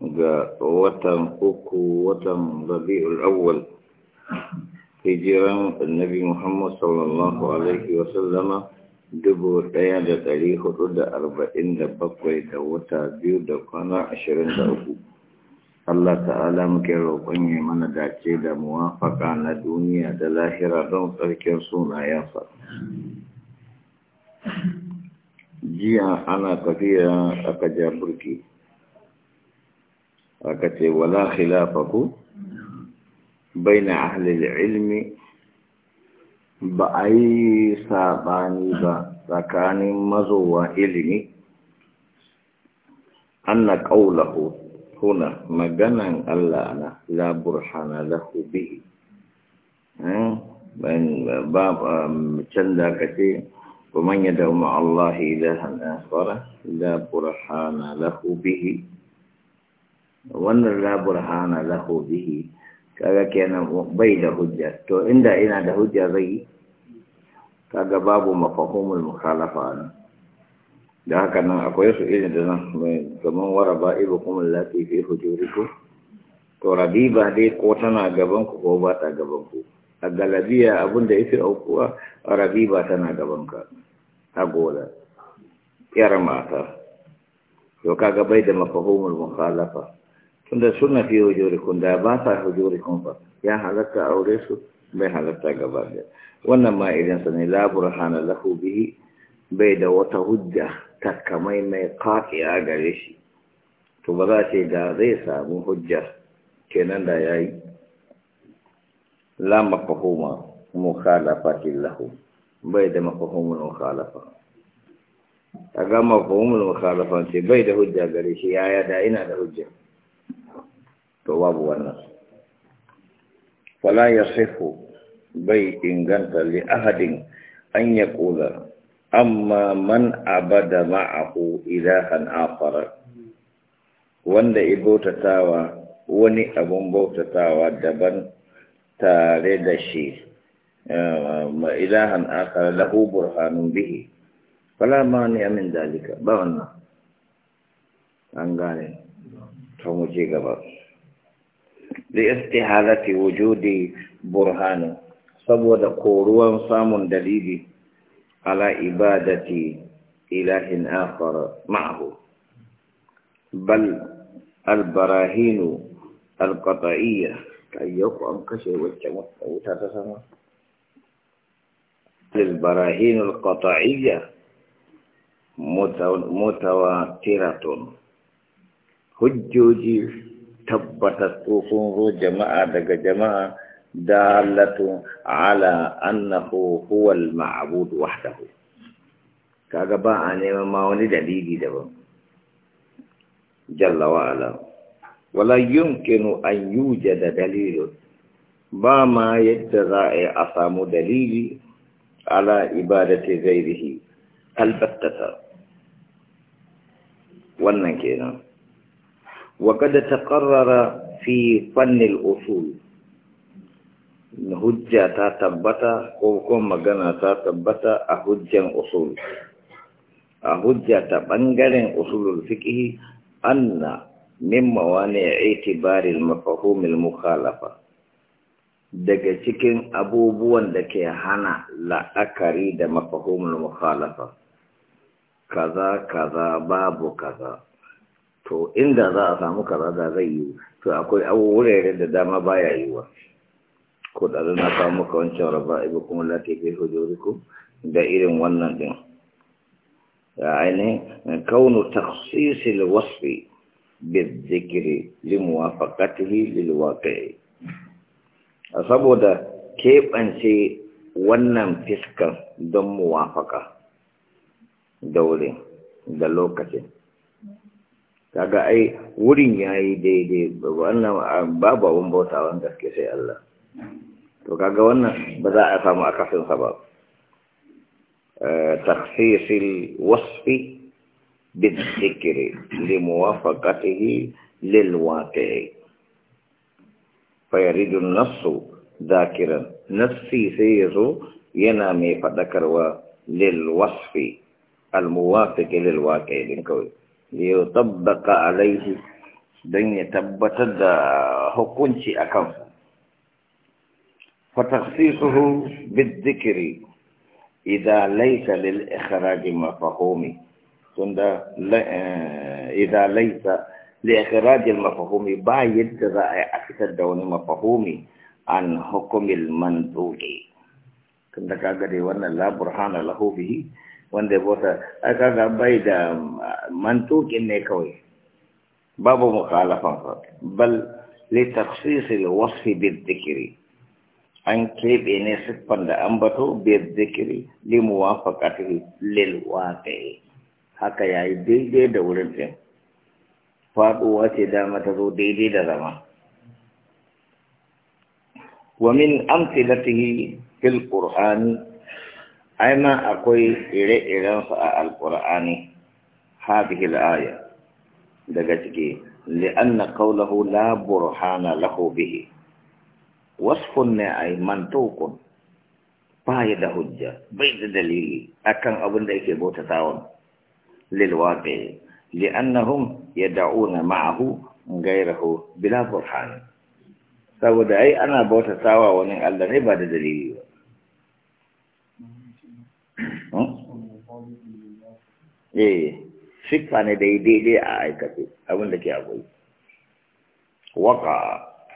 ga watan uku watan rabi'ul awwal hijiran annabi Muhammad sallallahu alaihi wa sallama dubu ɗaya da ɗari hudu da arba'in da bakwai da wata biyu da kwana ashirin da uku Allah ta'ala muke roƙon ya mana dace da muwafaka na duniya da lahira don tsarkin sunayensa jiya ana tafiya aka ja burki أكتب ولا خلافك بين أهل العلم بأي ساباني بسكان مزوى علمي أن قوله هنا مجانا ألا أنا لا برهان له به من أه؟ باب چندا كتير ومن يدعو مع الله إلها آخر لا برهان له به wannan la burhana lahu bihi kaga kenan bai da hujja to inda ina da hujja zai kaga babu mafahumul mukhalafa ne da haka nan akwai su irin da nan gaban waraba ibukum allati fi hujurikum to rabiba dai ko tana gaban ku ko ba ta gaban ku a galabiya abinda yake aukuwa rabiba tana gaban ka a gola yar mata to kaga bai da mafahumul mukhalafa tunda suna fi hujurikun da ba sa hujurikun ba ya halatta aure su bai halatta gaba da wannan ma idan sa ne la burhana lahu bihi bai da wata hujja takamai mai a gare shi to ba za ce da zai samu hujja kenan da yayi la mafhuma mukhalafatin lahu bai da mafhumul mukhalafa kaga mafhumul mukhalafa ce bai da hujja gare shi yaya da ina da hujja to babu wannan fala yasifu bai inganta li ahadin an yaqula amma man abada ma'ahu ilahan akhar wanda ibautatawa wani abun bautatawa daban tare da shi ma ilahan akhar lahu burhanun bihi fala mani min dalika ba wannan an gane ta muje gaba لاستهالة وجود برهان صبود قوروا صام دليل على إبادة إله آخر معه بل البراهين القطعية كيف أنكشي وتتسمى البراهين القطعية متواترة حجوجي tabbatar sun zo jama'a daga jama'a dalatun ala annahu huwal ma'bud wahdahu kaga ba a neman ma wani dalili daban jalla wa ala wala yumkinu an yujada dalilun ba ma yadda za a yi a samu dalili ala ibadati ghairihi albattata wannan kenan ta تقرر في fannin usul. hujja ta tabbata ko kuma magana ta tabbata a hujjan usul a hujja ta ɓangaren usulul fiqh anna min mawani itibaril mafahumil mukalafa, daga cikin abubuwan da ke hana la'akari da mafahumul mukalafa, kaza kaza babu kaza to inda za a samu kaza da zai yi to akwai wurare da dama baya yiwa ko da na samu ka raba ibu kuma latifi hujuriku da irin wannan din ainihin kaunu taksisil wasfi bizikiri limuwafaqatihi A saboda keɓance wannan fiskan don muwafaka da wurin da lokacin kaga ai wurin yayi daidai wannan babu abun bautawan gaske sai Allah to kaga wannan ba za a samu akasin sa ba تخصيص الوصف بالذكر لموافقته للواقع فيريد النص ذاكرا نفسي سيزو ينامي فذكر للوصف الموافق للواقع لنكوي a alaihi don ya tabbatar da hukunci a kansa fataksisuhu bidzikiri idan laisa lil ikhraj mafahomi tunda eh, Idan laysa li ikhraj al ba yadda za a yi fitar da wani mafhumi an hukumil manzoge tunda da wannan laburhana burhana wanda ya bota, aka ga bai da mantukin ne kawai babu mukhalafan bal li takhsis al wasf bil dhikri an kebe ne siffan da an bato bil dhikri li muwafaqati lil waqi haka yayi daidai da wurin din faduwa ce dama mata zo daidai da zama wa min amthilatihi fil qur'ani ai ma akwai ire-irensu a alkur'ani hadhihi aya daga ciki li'anna qawluhu la burhana lahu bihi wasfun ne ai mantukun baya da hujja bai da dalili akan abin da yake bauta tawon lil ya li'annahum na ma'ahu gairahu bila burhan saboda ai ana bauta tawa wani Allah ne ba da dalili ba eh siffa ne da dai a aikace abin da ke akwai waka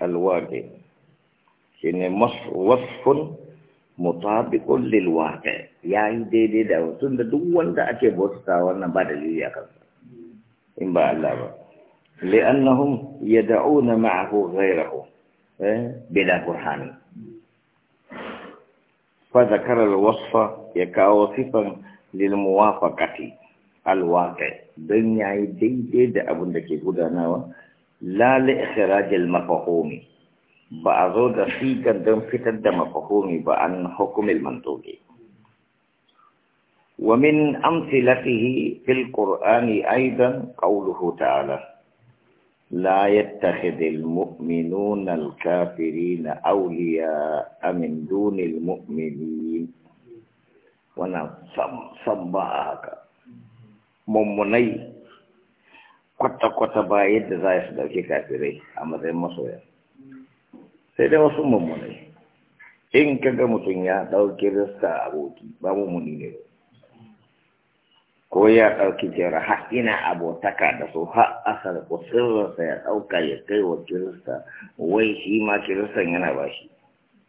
alwaƙi shi ne wasfun mutabiƙun lilwaƙe. ya yi daidai da tun da duk wanda ake bauta wannan ba dalili a kansa in ba Allah ba li'annahum yad'una ma'ahu ghayrahu eh, bila burhani fa zakara al-wasfa ya kawo sifan lil muwafaqati alwaƙi don ya yi daidai da abin da ke gudanawa lali ikirajil mafahomi ba a zo da sigar don fitar da mafahomi ba an hukumin mantoke ومن أمثلته في القرآن أيضا قوله تعالى لا يتخذ المؤمنون الكافرين أولياء من دون المؤمنين ونصب صبعك mummunai kwata-kwata ba yadda za su dauke kafirai a matsayin masoya sai dai wasu mummunai in kaga mutum ya dauki a aboki ba mummuni ne ko ya dauki jera har ina abotaka da su har asar ko sirrinsa ya dauka ya kai wa kirista wai shi ma kiristan yana ba shi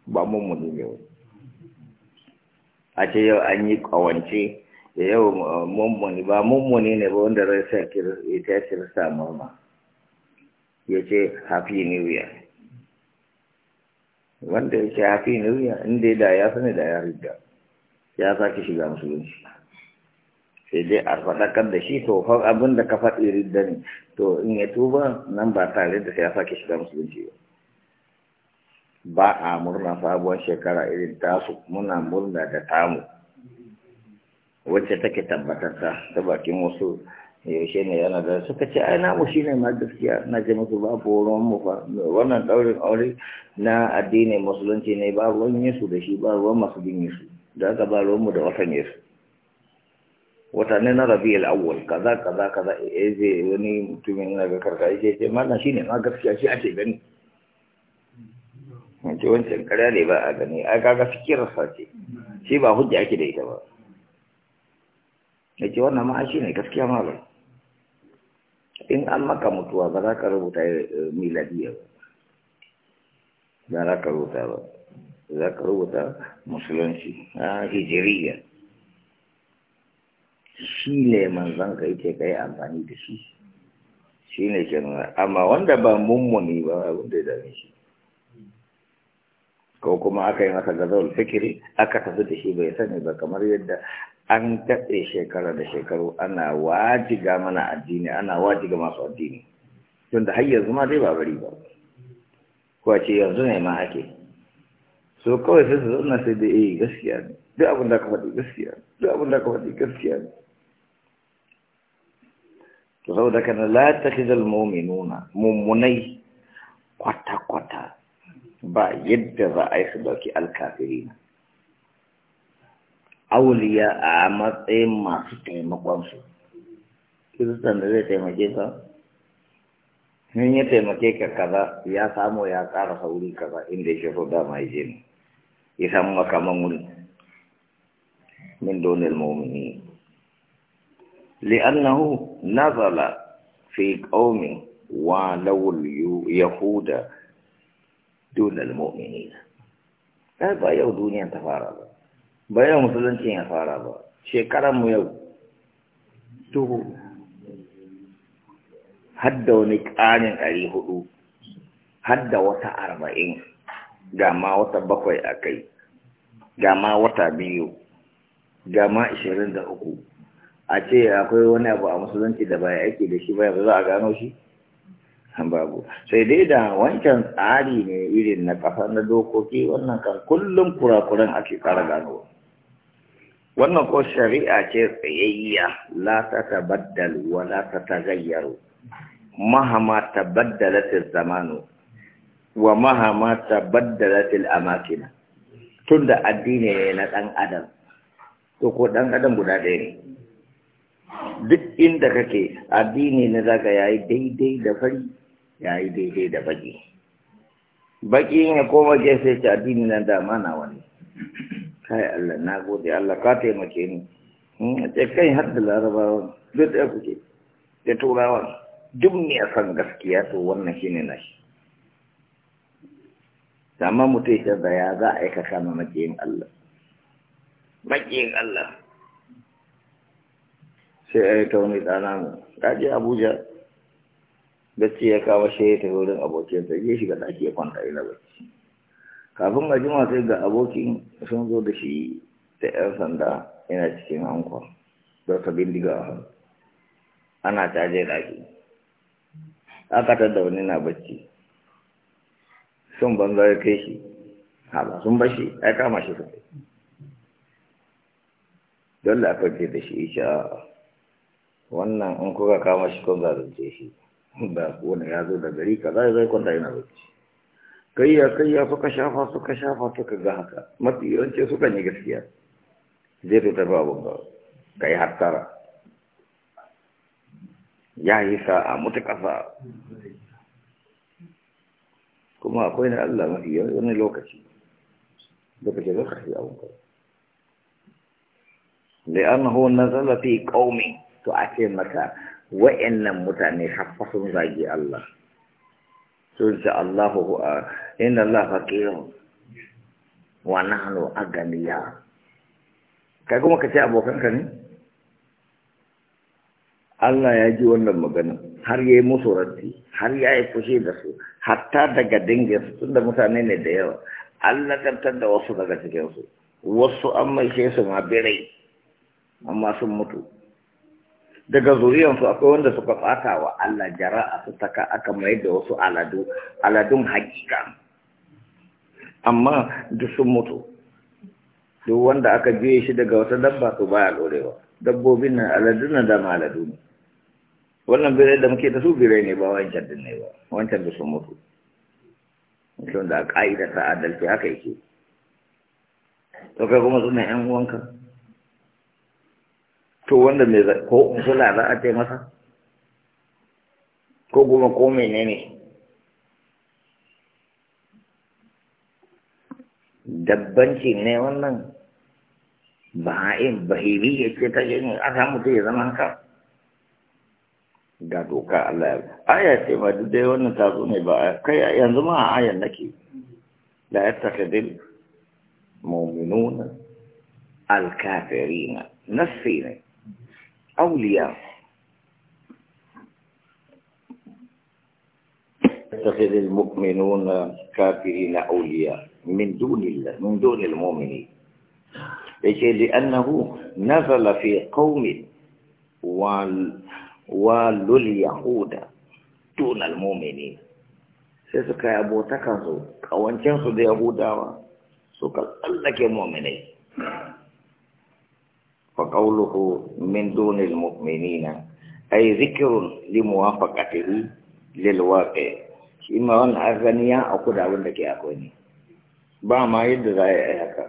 ba mummuni ne a ce yau an yi kawance da yau uh, mummuni ba mummuni ne ba wanda zai sa ita kirista murna ya ce happy new year wanda ya ce happy new year inda da ya sani da ya riga ya sake shiga musulunci sai dai a faɗakar da shi to fa abin da ka faɗi ridda ne to in ya tuba nan ba tare da sai ya sake shiga musulunci ba ba a murna sabuwar shekara irin tasu muna murna da tamu wacce take tabbatarsa ta bakin wasu yaushe ne yana da suka ce ai namu shi ne ma gaskiya na ce musu babu ruwan mu fa wannan daurin aure na addinin musulunci ne ba ruwan yesu da shi ba ruwan masu bin yesu da aka ba ruwan mu da watan yesu watanni na rabi al'awwal kaza kaza kaza eh zai wani mutumin na ga karka yake ce mallan shi ne ma gaskiya shi ake gani wancan karya ne ba a gani a kaga fikirarsa ce shi ba hujja ake da ita ba ya ce wannan ma shi ne gaskiya ba in an maka mutuwa ba za ka rubuta eh, miladiya ba za ka rubuta ba za ka rubuta musulunci a hijiriya shi ne manzan ka yake ka yi amfani da shi shi ne ke nuna amma wanda ba mummuni ba wanda ya dame shi ko kuma aka yi masa gazawar fikiri aka tafi da shi bai sani ba kamar yadda an daɗe shekara da shekaru ana wajiga mana addini ana wajiga masu addini tun da har yanzu ma dai ba bari ba kuwa ce yanzu ne ma ake so kawai sai su zauna sai da eh gaskiya ne duk abin da ka faɗi gaskiya duk abin da ka faɗi gaskiya ne to saboda kana la takhizal mu'minuna mummunai kwata kwata ba yadda za a yi su dauki alkafirina auliya a matsayin masu taimakonsu kiristan da zai taimake ka in ya taimake ka kaza ya samu ya ƙara sauri kaza inda ya so dama ya je ne ya samu makaman wuri min donil mu'mini li'annahu nazala fi qaumin wa lawul yahuda dunal mu'minina ba yau duniyan ta fara ba ba yau musulunci ya fara ba shekaran mu yau duhu hadda wani ƙarin ɗari hudu hadda wata arba'in ga ma wata bakwai a kai ga ma wata biyu ga ma ishirin da uku a ce akwai wani abu a musulunci da baya ake da shi baya ba za a gano shi babu sai dai da wancan tsari ne irin na kafa na dokoki wannan kan kullum kurakuran ake kara ganowa wannan ko shari'a ce tsayayya la ta tabaddal wa la ta tagayyaru mahama tabaddalatil zamanu wa mahama tabaddalatil amakina tun tunda addini ne na ɗan adam to ko ɗan adam guda ɗaya ne duk inda kake addini ne ka yayi daidai da fari yayi daidai da baki baki ne koma gefe ce addini na da mana wani Hmm, kai eh, Allah na gode Allah ka eh, taimake ni a ce kai har da larabawa duk da kuke da turawa duk ne a san gaskiya to wannan shi ne nashi amma mutum ya da ya za a yi ka kama makiyin Allah makiyin Allah sai a yi ta wani ɗana mu ɗaje abuja bacci ya kama shi ya tafi wurin abokinsa ya shiga ɗaki ya kwanta ina bacci kafin a jima sai ga abokin sun zo da shi da 'yan sanda yana cikin hankwa don sa diga a hannu ana caje ɗaki aka da wani na bacci sun banza ya kai shi haɓa sun bashi ai kama shi don dole aka ce da shi isha wannan in kuka kama shi kun zalunce shi ba wani ya zo da gari kaza zai kwanta yana bacci kayya kayya suka shafa suka shafa suka ga haka mafi yawanci suka ne gaskiya zai ta tafi abin ba ka yi hattara ya yi sa'a mutu ƙasa kuma akwai na Allah mafi wani lokaci lokaci lokaci abin ba da an hau na zalafi ƙaumi to a ce maka wa'annan mutane haffa sun zagi Allah ترجع الله إن الله فقير ونحن أغنياء kai kuma ka ce abokanka ne Allah ya ji wannan magana har yayi musu raddi har ya yi fushi da su hatta daga dangin su tunda mutane ne da yawa Allah kantar da wasu daga cikinsu wasu an mai su ma birai amma sun mutu daga zuriyansu akwai wanda suka tsaka wa Allah jara'a su saka aka mai da wasu aladu aladun hakika amma duk sun mutu duk wanda aka biye shi daga wata dabba to baya lorewa dabbobin nan aladun nan da aladu ne wannan birai da muke da su birai ne ba wancan din ne ba wancan da sun mutu mutum da ka'ida ta adalci haka yake to kai kuma suna yan uwanka to wanda mai zai ko unsula za a ce masa ko kuma ko menene ne dabbanci ne wannan ba'in bahiri ya ce ta a samu mutu ya zama haka ga doka Allah aya ce ba duk dai wannan zo ne ba kai yanzu ma a ayan nake la yattakhidil mu'minuna al-kafirina nasfi ne أولياء يتخذ المؤمنون كافرين أولياء من دون الله من دون المؤمنين لأنه نزل في قوم والو اليهود دون المؤمنين سيسكى أبو yi abotakansu ƙawancinsu da yahudawa suka tsallake مؤمنين فقوله من دون المؤمنين أي ذكر لموافقته للواقع إما أن أغنياء أو قد أقول لك أخواني با ما يدرى هكا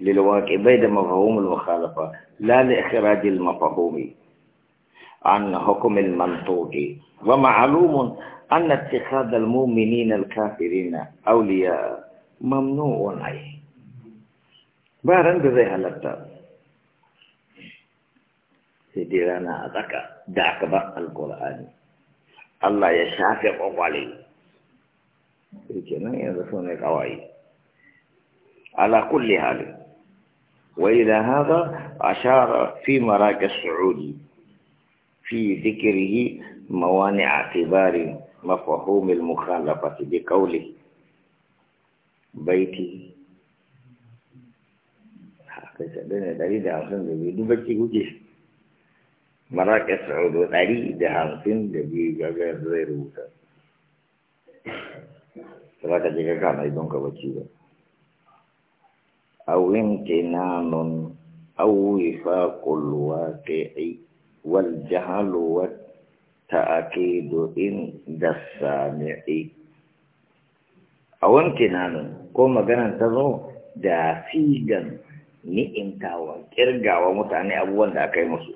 للواقع بيد مفهوم المخالفة لا لإخراج المفهوم عن حكم المنطوق ومعلوم أن اتخاذ المؤمنين الكافرين أولياء ممنوع عليه بارن بذي هلتا سيدنا ذكا ذاكبا القران الله يا شافي قوالي يجينا يرسون على كل حال وإلى هذا أشار في مراك السعودي في ذكره موانع اعتبار مفهوم المخالفة بقوله بيتي حقيقة بنا دليل عصن دبي دبتي قديش maraƙa saudo ɗari da hamsin da biyu gaga zai rubuta ba za ka je ka kama idon ka bacci ba awin tinanun awifa kulwa ke ai wal jahalu in da ko maganar ta zo da figan ni'intawa kirgawa mutane abubuwan da aka yi musu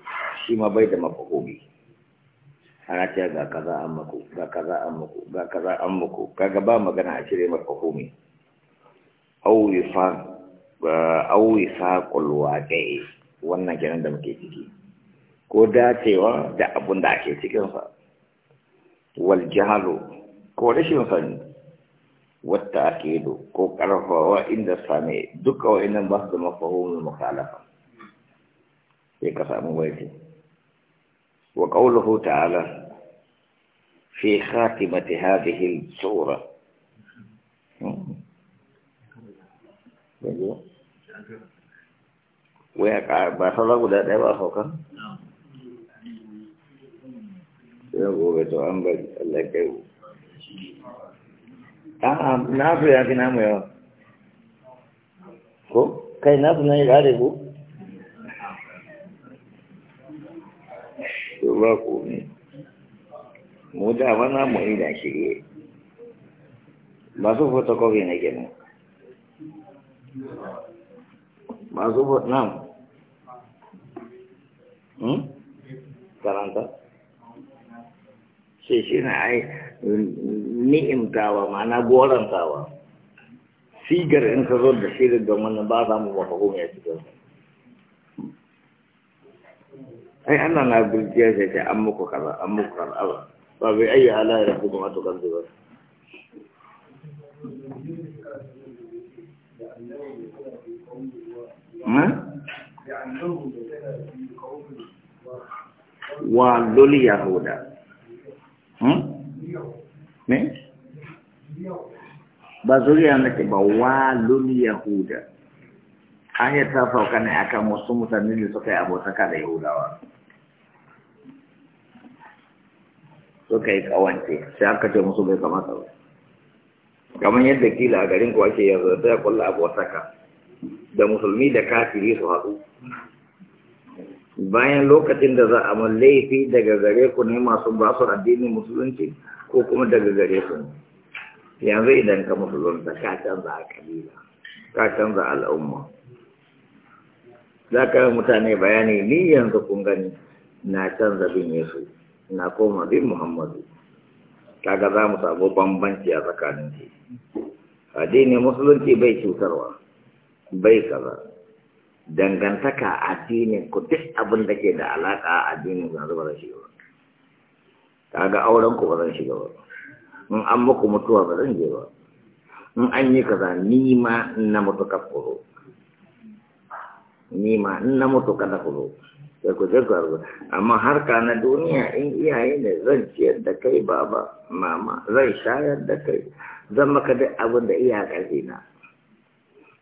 shi ma bai da mafahomi ana ce ga kaza an muku ga kaza an muku ga kaza an muku kaga ba magana a cire mafahomi auwi kulwa ɗaya wannan kenan da muke ciki ko dacewa da abun da ake cikinsa wal jihalo ko rashin sani wata do ko karfawa inda same duka wa'annan ba su da mafahomin mukhalafa sai ka samu waitin وقوله تعالى في خاتمة هذه السورة ويقع بصلا ولا خوكا يقول بتو أمبر الله كيو آه نافع نعم، نعم يا كي نافع نعم، shi ba komi mu da bana mu inda shirye masu fotokofi na kenan masu vietnam hmm? karanta shi shi na ai ni'imtawa ma'ana gorantawa sigar in ka zo da shirin ga wannan ba za mu mafi ya cikin ai Allah na gurjiya sai sai an muku kaza an muku kaza ba bai ayi ala ya kuma to kan zuwa wa loli yahuda hmm ne ba zuriya nake ba wa dul yahuda ayata fa kana akan wasu mutane da suka yi abota da yahudawa suka yi kawance sai aka ce musu bai kamata ba kamar yadda kila a garin kuwa ke yanzu da kulla abu wasaka da musulmi da kafiri su haɗu bayan lokacin da za a mun laifi daga gare ku ne masu ba su addinin musulunci ko kuma daga gare ku ne yanzu idan ka musulunta ka canza a kabila ka canza al'umma za ka yi mutane bayani ni yanzu kun gani na canza bin yesu na koma bin muhammadu kaga za mu samu bambanci a tsakanin su addini musulunci bai cutarwa bai kaza dangantaka a addinin ku duk abin da ke da alaƙa a addinin ku yanzu ba zan shiga ba kaga auren ku ba zan shiga ba in an muku mutuwa ba zan je ba in an yi kaza ni ma na mutu ka kuro ni ma na mutu na kuro sai ku jirga ruwa amma harka na duniya in iyaye ne zan ciyar da kai baba mama zan shayar da kai zan maka da abin da iya ƙarfi na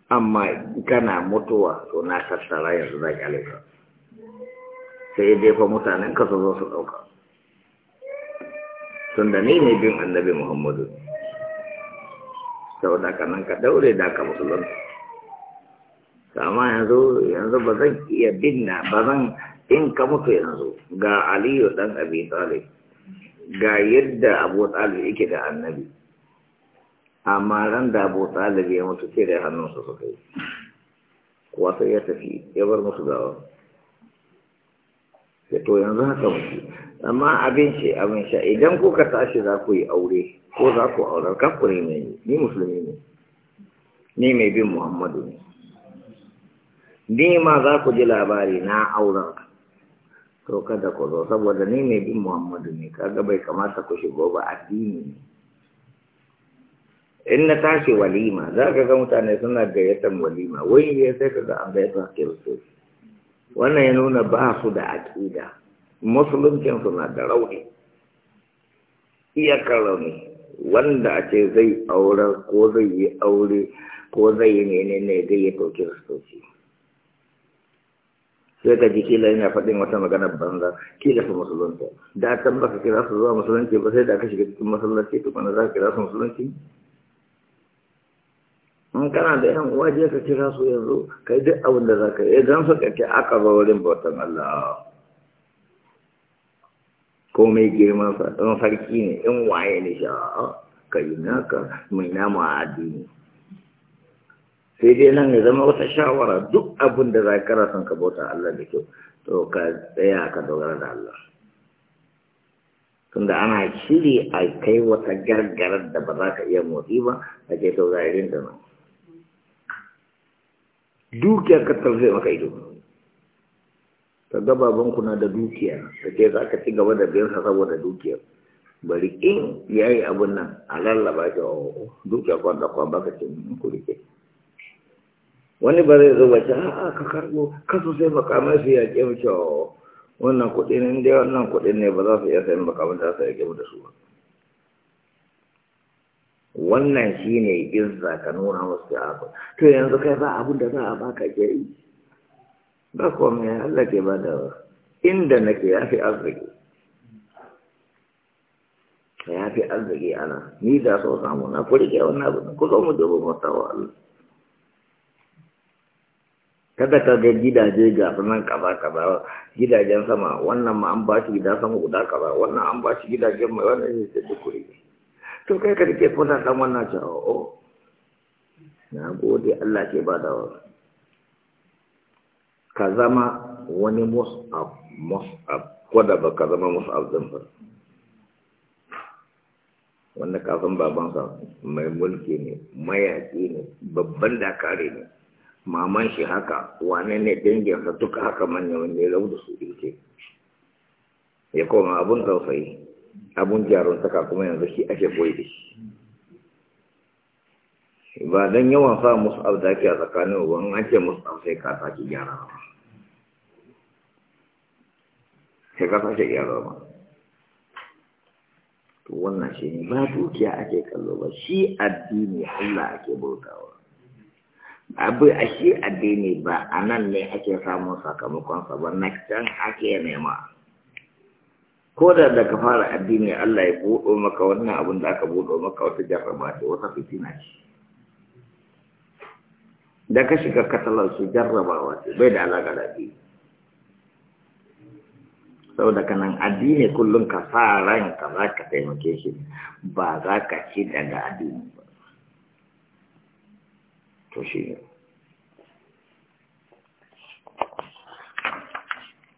amma kana mutuwa to na kasara yanzu zan kyale sai dai fa mutanen ka su zo su ɗauka tun da ni ne bin annabi muhammadu sau da ka nan ka daure da ka musulunta amma yanzu yanzu ba zan iya bin na ba zan in ka mutu yanzu ga aliyu dan abi talib ga yadda abu talib yake da annabi amma ran da abu talib ya mutu sai da hannunsa suka yi wato ya tafi ya bar musu gawa ya to yanzu haka mutu amma abin shi abin sha idan kuka tashi za ku yi aure ko za ku aurar kafure ne ni musulmi ne ni mai bin muhammadu ne ni ma za ku ji labari na auren to kada ku zo saboda ni ne bin muhammadu ne kaga bai kamata ku shigo ba addini ne in na tashi walima za ka ga mutane suna gayyatar walima wai ya sai ka ga an gayyatar kiristoci wannan ya nuna ba su da aƙida musuluncin suna da rauni iyakar rauni wanda a ce zai aura, ko zai yi aure ko zai yi ne ne zai yi kiristoci sai ka ji kila yana faɗin wata magana banza kila su musulunta da kan baka kira su zuwa musulunci ba sai da aka shiga cikin masallaci to kana za ka kira su musulunci in kana da yan uwa je ka kira su yanzu kai duk abin da za ka yi idan suka ke aka ba wurin bautan Allah komai girman sa don sarki ne in waye ne sha'a ah, kai naka mai nama addini sai dai nan ya zama wata shawara duk abin da za ka rasan ka bauta Allah da kyau to ka tsaya ka dogara da Allah tunda ana shiri a kai wata gargarar da ba za ka iya motsi ba a ke to za a da nan Dukiya ka tarfe maka ido ta gaba banku da dukiya ta ce za ka ci gaba da biyansa saboda dukiya. bari in ya yi abun nan a lallaba ta oh, dukiyar dukiya kwan baka ce mun mm, kurike wani ba zai zuba ce a ka karbo kasu sai makamai su yaƙe mace wa oh, wannan kuɗi ne dai wannan kuɗi ne ba za su iya sayan makamai za su yaƙe mu da su ba wannan shi ne izza ka nuna musu abu to yanzu kai ba abin da za a baka ke yi ba me Allah ke ba da inda nake ya fi arziki ya fi arziki ana ni da so samu na kurike wannan abu ku zo mu dubu mustawa Allah kada ka ga gidaje ga sunan kaza kaza gidajen sama wannan ma an ba shi gida sama guda kaza wannan an ba shi gidajen mai wannan ne sai duk to kai ka dake fata dan wannan ce o oh, na gode Allah ke ba da ka zama wani mus'ab mus'ab ko da baka zama mus'ab din ba wannan kafin babansa mai mulki ne mayaki ne babban dakare ne maman shi haka wane ne danginsa duka haka manya wanda ya da su ilke ya koma abun tausayi abun jaruntaka kuma yanzu shi ake koyi da shi ba don yawan sa musu abu da ke a tsakanin wani ake musu abu sai ka sake gyara ba sai kasa ke gyara ba wannan shi ne ba dukiya ake kallo ba shi addini Allah ake bautawa abu a shi addini ba a nan ne ake samun sakamakonsa ba na can ake nema ko da daga fara addini Allah ya buɗo maka wannan abin da aka buɗo maka wata jarraba ce wata fitina ce da ka shiga katalar su jarrabawa ce bai da alaƙa da addini sau da kanan addini kullum ka sa ranka za ka taimake shi ba za ka ci daga addini ba 主席。